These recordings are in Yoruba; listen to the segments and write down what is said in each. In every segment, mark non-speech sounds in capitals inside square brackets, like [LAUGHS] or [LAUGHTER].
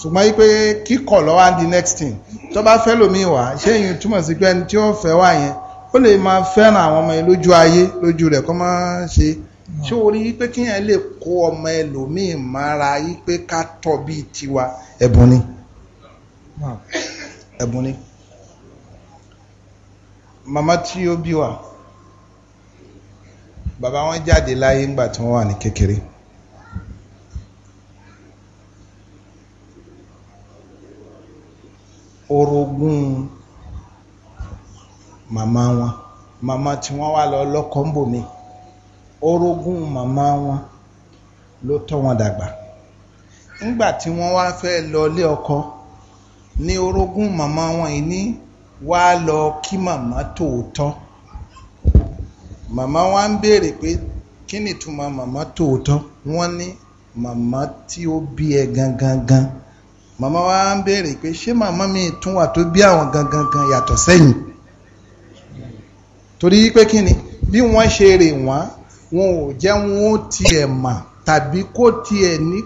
ṣùgbọ́n yí pé kíkọ̀ lọ́wọ́ and the next thing tó bá fẹ́ lómi wá ṣé èyí túmọ̀ sí pé ẹni tí ó fẹ́ wá yẹn ó lè máa fẹ́ràn àwọn ọmọ yẹn lójú ayé lójú rẹ̀ kọ́ máa ṣe ṣé o rí pé kí yẹn lè kó ọmọ ẹlòmíì mára yí pé ká tọ́ bíi tiwa ẹ̀bùn ni ẹ̀bùn ni màmá tí ó bí wa bàbá wọn jáde láyé ńgbà tí wọ́n wà ní kékeré. màmá wọn màmá tí wọ́n wá lọ lọ́kọ́ ń bò mí orogún màmá wọn ló tọ́ wọn dàgbà nígbà tí wọ́n wá fẹ́ lọ ilé ọkọ ní orogún màmá wọn yìí ní wá lọ kí màmá tòótọ́ màmá wa ń béèrè pé kí ni ìtumọ̀ màmá tòótọ́ wọ́n ní màmá tí ó bí ẹ gangan màmá wa ń béèrè pé ṣé màmá mi tún wà tó bí àwọn gangan gan yàtọ̀ sẹ́yìn torí pé kí ni bí wọ́n ṣe rè wọ́n wọn ò jẹ́ wọn ó tiẹ̀ mà tàbí kó tiẹ̀ ní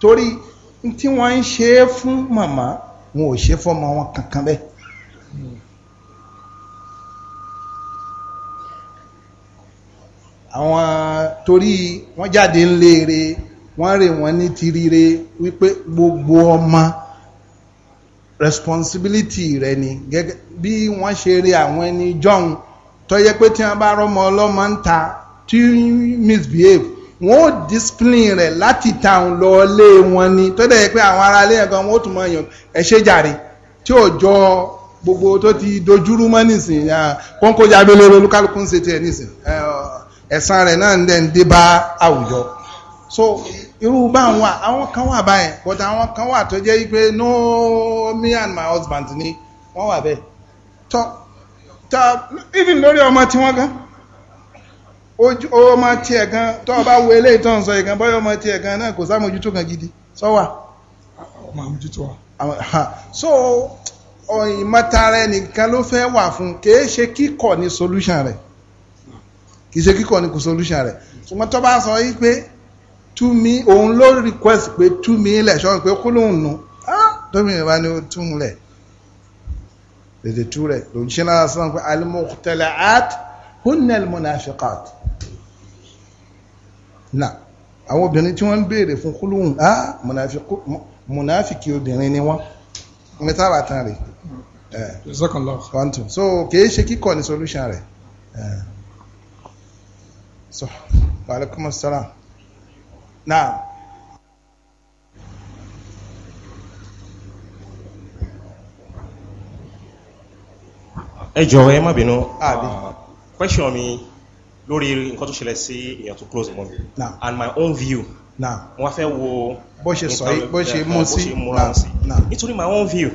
torí tí wọ́n ń ṣe é fún màmá wọn ò ṣe fọ́mọ wọn kankan bẹ́ẹ̀. àwọn torí wọ́n jáde ń léere wọ́n rè wọ́n ní ti rire wípé gbogbo ọmọ responsibility rẹ ni gẹ́gẹ́ bí wọ́n ṣe rí àwọn ẹni jọ̀hún tó yẹ pé tí wọ́n bá rọ́mọ ọlọ́mọ ń ta tí misbehave wọ́n ó discipline rẹ̀ láti wọn ni tó dẹ̀ yẹ pé àwọn ará ilé ẹ̀kan wọ́n ó tún mọ èèyàn jàre tí jọ gbogbo tó ti dojúrú mọ́ nísìn kónkójà abẹ́lẹ́ olúkálùkù ń ṣe tiẹ̀ nísìn ẹ̀san rẹ̀ náà ń so irú bá àwọn kan ta even lórí ọmọ tí wọ́n gan ọmọ tí ẹ̀ gan tó bá wo ilé ìtàn sọ ìgan bọ́yọ̀ ọmọ tí ẹ̀ gan náà kò sáàmójútó kan gidi sọ́wà ọmọ àmójútó wà so ìmọ̀tara ẹnìkan ló fẹ́ wà fún kìí ṣe kíkọ̀ ní solution rẹ̀ kìí ṣe kíkọ̀ ní kò solution rẹ̀ ṣùgbọ́n tó bá sọ yí pé òun ló request pé tú mi lẹ̀ ṣọ́n pé kó nù ah! tó mi ìbá ni ó tún lẹ̀ tètè tú rẹ̀ ló ń ṣe náà sọ́n pé al-mukhtala'at hunna al-munafiqat na àwọn obìnrin tí wọ́n ń béèrè fún kúlùhùn á ah, munafiki obìnrin ni wọ́n mẹ́ta bá tán rẹ̀ eh. so kìí ṣe kíkọ̀ ní solution rẹ̀ eh. so wa alaikumus salam na'am ẹ ẹ má bínú àbí ah, ah, question mi lórí nǹkan tó ṣẹlẹ̀ sí èèyàn tó close mọ́ mi and my own view mo wá fẹ́ wo bó ṣe sọ bó ṣe mú sí nítorí my own view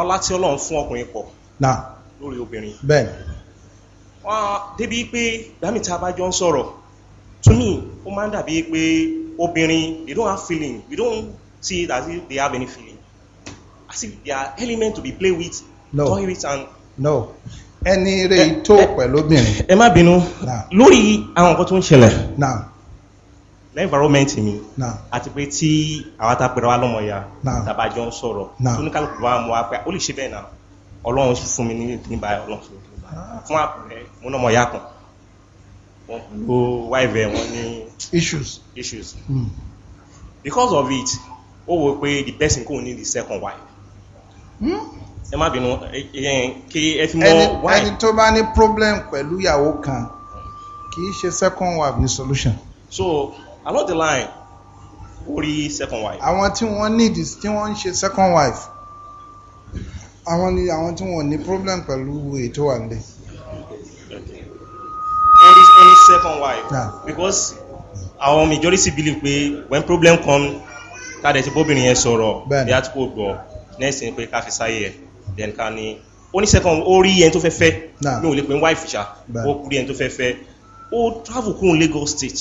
ọlá tí ọlọ́run fún ọkùnrin pọ̀ lórí obìnrin bẹ́ẹ̀ wọ́n débi pé dámìta bá jọ ń sọ̀rọ̀ to me ó máa ń dàbí pé obìnrin they don't have feeling we don't see that they have any feeling as if they are element to be play with no. toy with and no ẹni rẹ tó eh, eh, pẹ̀lú obìnrin. ẹ má bínú lórí àwọn nǹkan tó ń ṣẹlẹ̀ environment mi àti pé tí àwọn atapẹ̀rẹ̀ wa lọ́mọ ya tàbá jọ ń sọ̀rọ̀ tó ní kálukú bá mú wa pé ó lè ṣe bẹ́ẹ̀ náà ọlọ́run fún mi nígbà ọlọ́run fún mi ah. fún àpẹẹrẹ mo ya kan ó wáìvẹ̀ wọn ní issues issues hmm. because of it ó wò pé the person kò ní the second wife. Hmm ẹ má bínú kí ẹ fi mọ why. ẹni tó bá ní problem pẹ̀lú ìyàwó kan kì í ṣe second wife ní solution. so along the line ó rí second wife. àwọn tí wọ́n need tí wọ́n ń ṣe second wife àwọn ni àwọn tí wọ́n ní problem pẹ̀lú ètò wà nílẹ̀. only Any second wife. Nah. because our majority believe pé when problem come ká dẹ̀ ti bóbìnrin yẹn sọ̀rọ̀ bí a ti kò gbọ́ next thing pé ká fi sáyé then ká ní ó ní second ó rí ẹni tó fẹ́ fẹ́ mi ò lè pè ní wife ṣá ó rí ẹni tó fẹ́ fẹ́ ó travel kún Lagos state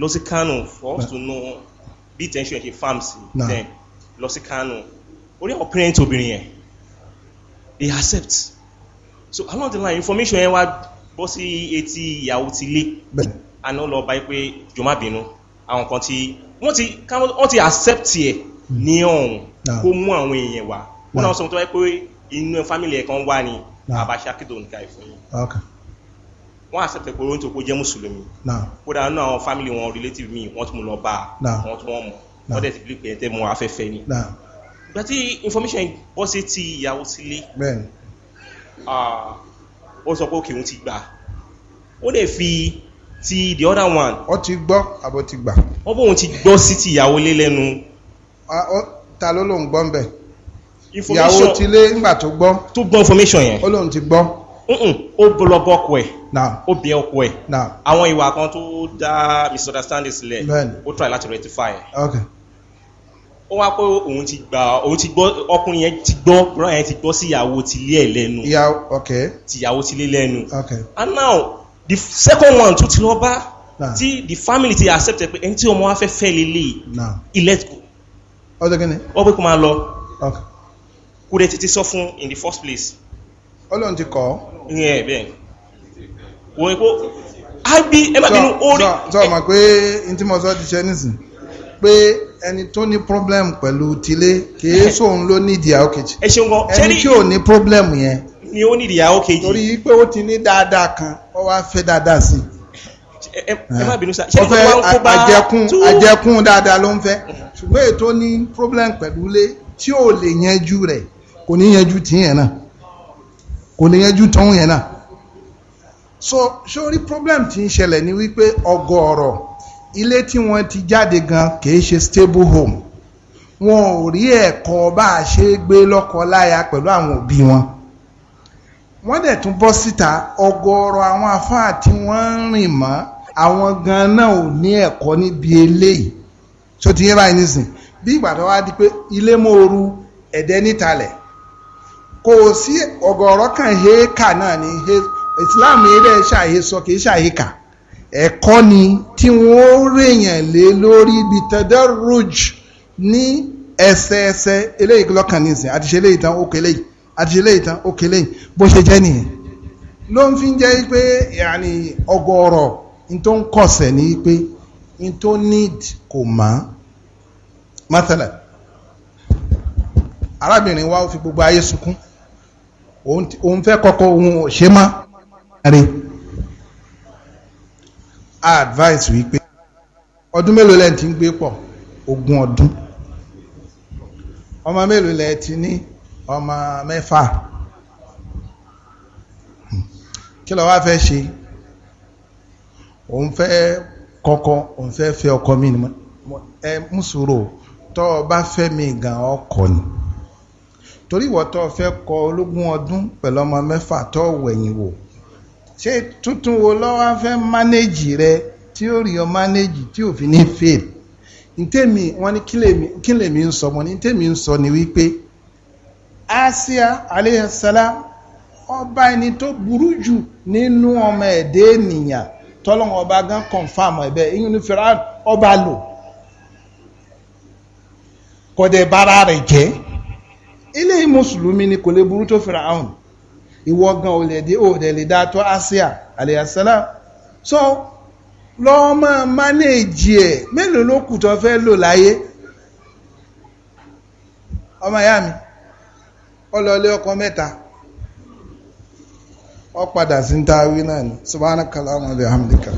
lọ sí Kano for us to know bí tension ṣe farm sí then lọ sí Kano orí àwọn parent obìnrin yẹn they accept so along the line information yẹn wá bọ́ sí etí ìyàwó ti lé àná lọ báyìí pé jọ̀ọ́ má bínú àwọn kan tí wọ́n ti accept yẹ hmm. ní ọ̀hún kó mú àwọn èèyàn wá ó náà sọ tó yẹ pé inú fámìlì ẹ̀ kan wá ni àbáṣe akédò nǹkan ìfún yìí wọ́n àṣẹ̀tẹ̀ pé oróńtò kó jẹ́ mùsùlùmí kódà nínú àwọn fámìlì wọn relative mi wọ́n tún mú lọ bá wọ́n tún wọ́n mọ̀ wọ́n dẹ̀ ti bí pé ẹ̀tẹ́ mọ afẹ́fẹ́ ni ìgbà tí information bọ́ sí ti ìyàwó sílé ó sọ pé òkèwọ́n ti gbà ó lè fi ti the other one. ó ti gbọ́ àbó ti gbà. ó bóun ti gbọ́ sí ti ìyàwó lé lẹ́nu. ta ló lóun gbọ́ ń bẹ̀ information ìyàwó tilé ńgbà tó gbọ́ tó gbọ́ information yẹn ó lóun ti gbọ́ ó lọ bọ́ ọkọ ẹ̀ ó bẹ ọkọ ẹ̀ àwọn ìwà kan tó dá misunderstanding sílẹ̀ ó try láti rectify ẹ̀ ó wá pé òun ti gbà òun ti gbọ́ ọkùnrin yẹn ti gbọ́ bọ́n yẹn ti gbọ́ sí ìyàwó tilé ẹ̀ lẹ́nu tìyàwó tilé lẹ́nu and now the second one tún ti lọ bá tí the family ti accept pé ẹni tí ọmọ wa fẹ́ fẹ́ lélẹ̀ he let go. ọ̀dọ̀ kí ni. wọ́n pé kó máa lọ. okay kó dẹ̀ tètè sọ fún in the first place. ọlọ́run ti kọ́. ìyẹn bẹ́ẹ̀ wọ́n yìí kó ábí ẹ má bínú orí. sọ ma pé n tí mo sọ ti ṣe nísìn pé ẹni tó ní problem pẹ̀lú tilé kìí sóun [LAUGHS] ló ní ìdí àwọn kejì ẹni tí ò ní problem yẹn ni ó ní ìdí àwọn kejì torí pé ó ti ní dáadáa kan ó wá fẹ́ dáadáa sí i ẹ má ah. bínú sá ṣe ìjọba ń kó bá àjẹkùn àjẹkùn dáadáa ló ń fẹ́ mm-hmm. ṣùgbọ́n ètò ní problem pẹ̀lú ilé tí ò lè yanjú rẹ̀ kò ní yanjú tí yẹn náà kò ní yanjú tó yẹn náà so sórí problem tí ń ṣẹlẹ̀ ni wípé ọgọ́ọ̀rọ̀ ilé tí wọ́n ti jáde gan kìí ṣe stable home wọn ò rí ẹ̀kọ́ bá a ṣe gbé lọ́kọ láya pẹ̀lú àwọn òbí wọn wọ́n dẹ̀ tún bọ́ síta ọgọ́ọ̀rọ̀ àwọn afáà tí wọ́n ń rìn mọ́ àwọn gan náà ò ní ẹ̀kọ́ níbi eléyìí tó ti yé báyìí nísìn bí ìgbà tó wá di pé ilé mòoru ẹ̀dẹ́ nítalẹ̀ kò sí ọ̀gọ̀rọ̀ kan heka náà ni islam ilé ṣàyè sọ kì í ṣàyè kà ẹ̀kọ́ ni tí wọ́n rèèyàn lé lórí ibi tadarruj ní ẹsẹẹsẹ eléyìí lọ́kàn nísìn àti ṣe eléyìí tán ó kélé yìí àti ṣe eléyìí tán ó kélé yìí bó ṣe jẹ́ nìyẹn ló ń fi jẹ́ pé yàní n tó ń kọ̀sẹ̀ ní pé n tó need kò mọ́ mọ́tàlá arábìnrin wa ó fi gbogbo ayé sunkún òun fẹ́ kọ́kọ́ òun ò ṣe mọ́ rí advice wípé ọdún mélòó lẹ́yìn tí ń gbé pọ̀ ogún ọdún ọmọ mélòó lẹ́yìn tí ní ọmọ mẹ́fà kí ló wá fẹ́ ṣe òun fẹ́ kọ́kọ́ òun fẹ́ fẹ́ ọkọ mi ni ẹ mú sùúrù tọ́ ọ bá fẹ́ mi gan ọkọ ni torí ìwọ tó fẹ́ kọ ológun ọdún pẹ̀lú ọmọ mẹ́fà tó wẹ̀yìn wò ṣé tuntun wo lọ́wọ́ fẹ́ mánéjì rẹ tí ó rí ọ mánéjì tí ò fi ní fail ntẹ́mi wọ́n ní kí lèmi ń sọ mọ́ ní ntẹ́mi ń sọ ni wípé Asia aleyhisselam ọba ẹni tó burú jù nínú ọmọ ẹ̀dẹ́ ènìyàn tọ́lọ́wọ́n ọba gan confam ẹ̀bẹ̀ ìyẹn fẹ́ràn ọba lò kọ́dẹ̀ bára rẹ̀ jẹ́ ilé mùsùlùmí ni kò lè burú tó Firaun ìwọ gan olèdè òdèlè dátọ́ Asia alayasala so lọ máa mánéèjì ẹ̀ mélòó ló kù tó fẹ́ lò láyé ọmọ ìyá mi ọlọ́lé ọkọ mẹ́ta ọ padà sí ń ta awí náà ni subhanakallahumma wa bihamdika.